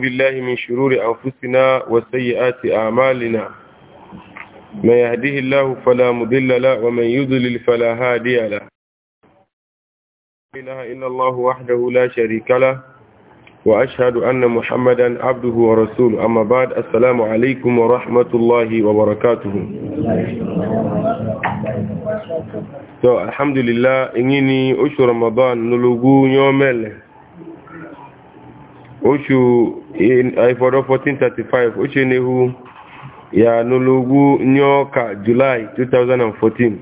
بالله من شرور أنفسنا وسيئات أعمالنا من يهديه الله فلا مضل له ومن يضلل فلا هادي له لا إله إلا الله وحده لا شريك له وأشهد أن محمدا عبده ورسوله أما بعد السلام عليكم ورحمة الله وبركاته so, الحمد لله إنني أشهر رمضان نلقو يوم الله oṣù ìfọ̀dọ̀ 1435 oṣù nehu yanulugu nyoka july 2014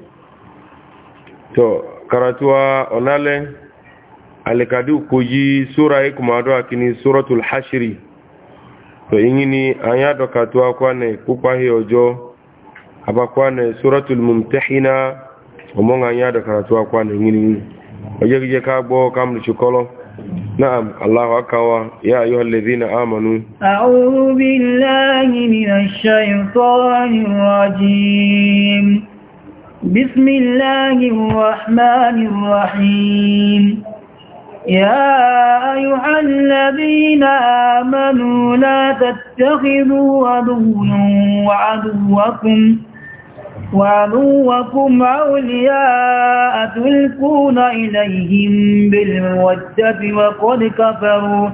to karatuwa onale alikadu koji sura ikumado akini suratul hashiri to ingini anya dokatuwa kwane kupahi ojo abakwane suratul mumtahina omonga anya dokatuwa kwane ingini oje kije kagbo kamlu chukolo نعم الله أكوى يا أيها الذين آمنوا أعوذ بالله من الشيطان الرجيم بسم الله الرحمن الرحيم يا أيها الذين آمنوا لا تتخذوا عدوا وعدوكم ونوكم أولياء تلكون إليهم بالمودة وقد كفروا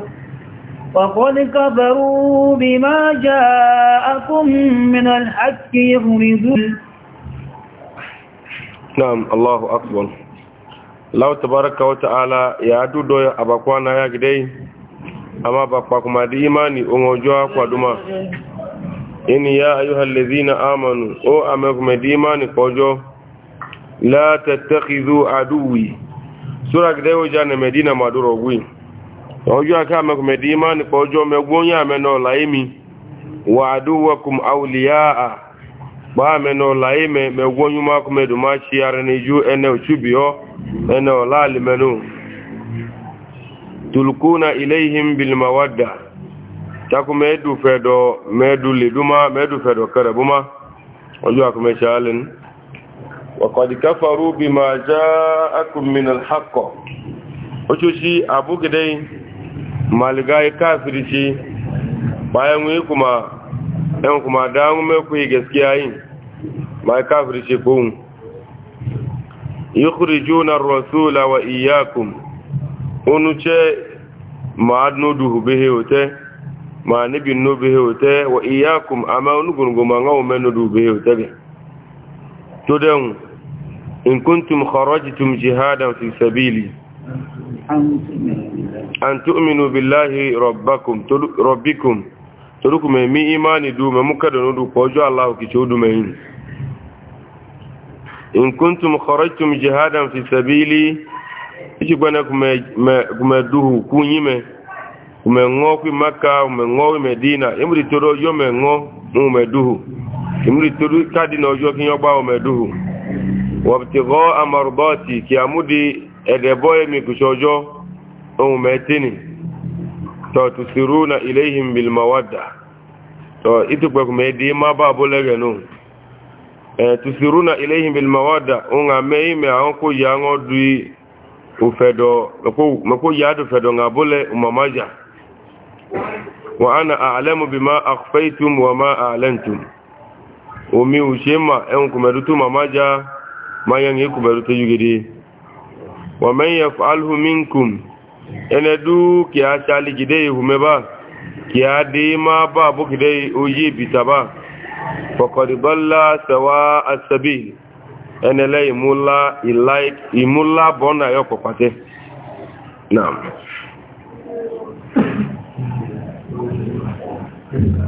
وقد كفروا بما جاءكم من الحق يخرجون نعم الله أكبر الله تبارك وتعالى يا دودو يا أباكوانا يا جدي أما باكوكما دي إيماني أمو جوا كوادوما إني يا أيها الذين آمنوا أو أمكم ديمان قجو لا تتخذوا عدوي سورة كده جانا مدينة مدورة وي أوجو أكا أمكم ديمان قجو يا منو لايمي وعدوكم أولياء ba meno laime me gwonyu ma kuma du ma ci yare ne ju ene uchubio ene olali taku medu fedo medu liduma medu fedo karabuma ojo akume shalin wa qad kafaru bima ja'akum min al-haqq ojo shi abu gidai malgai kafiri shi bayan wi kuma dan kuma dan me ku gaskiya yin mai kafiri shi kun yukhrijuna ar-rasula wa iyyakum unuce ma'adnuduhu bihi wata ma nibi no be hote wa iyakum ama onugun go ma ngaw menu du be hote be to den in kuntum kharajtum jihadan fi sabili an tu'minu billahi rabbakum rabbikum toruku me mi imani du me muka don du pojo allah ki chodu me yin in kuntum kharajtum jihadan fi sabili ichi gwana kuma kuma duhu kunyime umeng'o kwi maka umeng'o medina imri toro yo meng'o umeduhu imri toro kadi no yo kinyo ba umeduhu wabtigho amardati kiamudi edeboye mikushojo umetini to tusiruna ilayhim bil mawadda to kumedi ma ba bolege nu e tusiruna ilayhim bil mawadda unga yango dui ufedo mako yadu fedo ngabule umamaja wa wa'ana alamu bi ma akhfaytum wa ma alantum omi ushema en kumerutu mamaja mayan yi kumerutu yugiri wa man yaf'alhu minkum ene du ki a chali gide hume ba ki a ma ba bu gide oyi bita ba faqad dalla sawa as-sabil ene lay mulla ilay pretty bad.